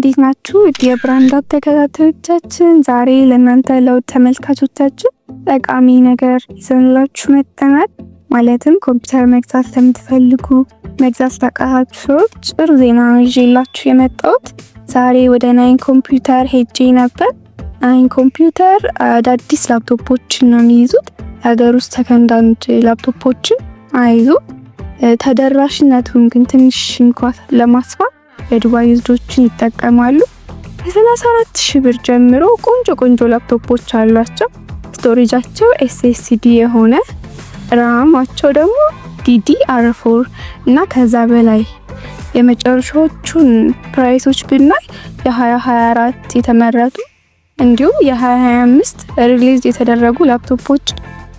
እንዴት ናችሁ? የብራንድ አፕ ተከታታዮቻችን ዛሬ ለእናንተ ለውድ ተመልካቾቻችን ጠቃሚ ነገር ይዘንላችሁ መጥተናል። ማለትም ኮምፒውተር መግዛት ለምትፈልጉ መግዛት ላቃታችሁ ሰዎች ጥሩ ዜና ይዤላችሁ የመጣሁት ዛሬ ወደ ናይን ኮምፒውተር ሄጄ ነበር። ናይን ኮምፒውተር አዳዲስ ላፕቶፖችን ነው የሚይዙት። የሀገር ውስጥ ተከንዳንድ ላፕቶፖችን አይዙ። ተደራሽነቱን ግን ትንሽ እንኳ ለማስፋት የዱባይ ይጠቀማሉ። ከ34 ሺ ብር ጀምሮ ቆንጆ ቆንጆ ላፕቶፖች አሏቸው። ስቶሬጃቸው ኤስኤስዲ የሆነ ራማቸው ደግሞ ዲዲ አርፎር እና ከዛ በላይ የመጨረሻዎቹን ፕራይሶች ብናይ የ2024 የተመረቱ እንዲሁም የ2025 ሪሊዝ የተደረጉ ላፕቶፖች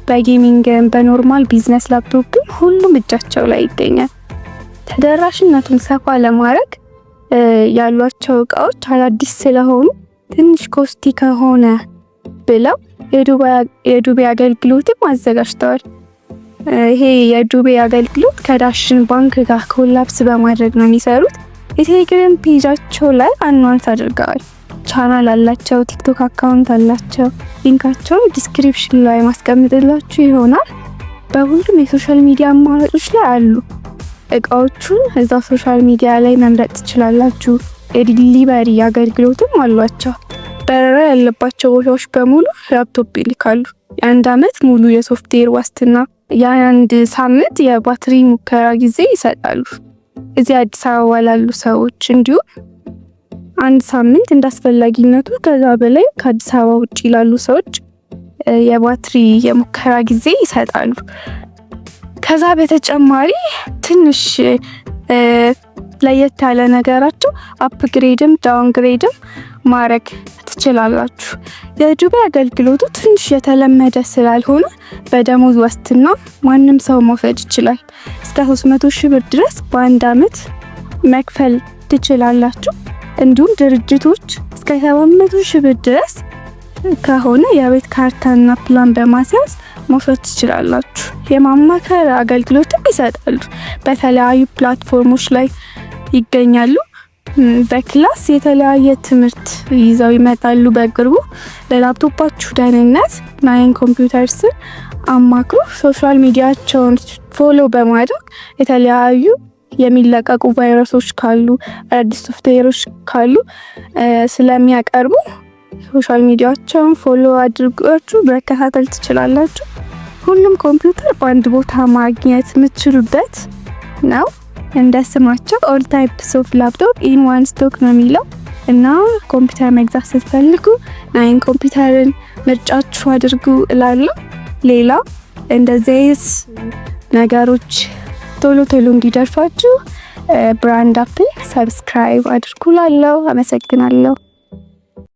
በጌሚንግ በኖርማል ቢዝነስ ላፕቶፕ ሁሉም እጃቸው ላይ ይገኛል። ተደራሽነቱን ሰፋ ለማድረግ ያሏቸው እቃዎች አዳዲስ ስለሆኑ ትንሽ ኮስቲ ከሆነ ብለው የዱቤ አገልግሎትም አዘጋጅተዋል። ይሄ የዱቤ አገልግሎት ከዳሽን ባንክ ጋር ኮላፕስ በማድረግ ነው የሚሰሩት። የቴሌግራም ፔጃቸው ላይ አኗንስ አድርገዋል። ቻናል አላቸው፣ ቲክቶክ አካውንት አላቸው። ሊንካቸውን ዲስክሪፕሽን ላይ ማስቀምጥላችሁ ይሆናል። በሁሉም የሶሻል ሚዲያ አማራጮች ላይ አሉ። እቃዎቹን እዛ ሶሻል ሚዲያ ላይ መምረጥ ትችላላችሁ። የዲሊቨሪ አገልግሎትም አሏቸው። በረራ ያለባቸው ቦታዎች በሙሉ ላፕቶፕ ይልካሉ። የአንድ ዓመት ሙሉ የሶፍትዌር ዋስትና፣ የአንድ ሳምንት የባትሪ ሙከራ ጊዜ ይሰጣሉ። እዚህ አዲስ አበባ ላሉ ሰዎች እንዲሁም አንድ ሳምንት እንዳስፈላጊነቱ፣ ከዛ በላይ ከአዲስ አበባ ውጭ ላሉ ሰዎች የባትሪ የሙከራ ጊዜ ይሰጣሉ። ከዛ በተጨማሪ ትንሽ ለየት ያለ ነገራቸው አፕግሬድም ዳውንግሬድም ማድረግ ትችላላችሁ። የዱባይ አገልግሎቱ ትንሽ የተለመደ ስላልሆነ በደሞዝ ዋስትና ማንም ሰው መውሰድ ይችላል። እስከ 300 ሺ ብር ድረስ በአንድ አመት መክፈል ትችላላችሁ። እንዲሁም ድርጅቶች እስከ 700 ሺህ ብር ድረስ ከሆነ የቤት ካርታና ፕላን በማስያዝ መውሰድ ትችላላችሁ። የማማከር አገልግሎትም ይሰጣሉ። በተለያዩ ፕላትፎርሞች ላይ ይገኛሉ። በክላስ የተለያየ ትምህርት ይዘው ይመጣሉ። በቅርቡ ለላፕቶፓችሁ ደህንነት ናይን ኮምፒውተርስን አማክሩ ሶሻል ሚዲያቸውን ፎሎ በማድረግ የተለያዩ የሚለቀቁ ቫይረሶች ካሉ አዳዲስ ሶፍትዌሮች ካሉ ስለሚያቀርቡ ሶሻል ሚዲያቸውን ፎሎ አድርጋችሁ መከታተል ትችላላችሁ። ሁሉም ኮምፒውተር በአንድ ቦታ ማግኘት የምትችሉበት ነው። እንደ ስማቸው ኦል ታይፕ ኦፍ ላፕቶፕ ኢን ዋን ስቶክ ነው የሚለው እና ኮምፒውተር መግዛት ስትፈልጉ ናይን ኮምፒውተርን ምርጫችሁ አድርጉ እላለሁ። ሌላ እንደዚህ ነገሮች ቶሎ ቶሎ እንዲደርፋችሁ ብራንድ አፕል ሰብስክራይብ አድርጉ እላለሁ። አመሰግናለሁ።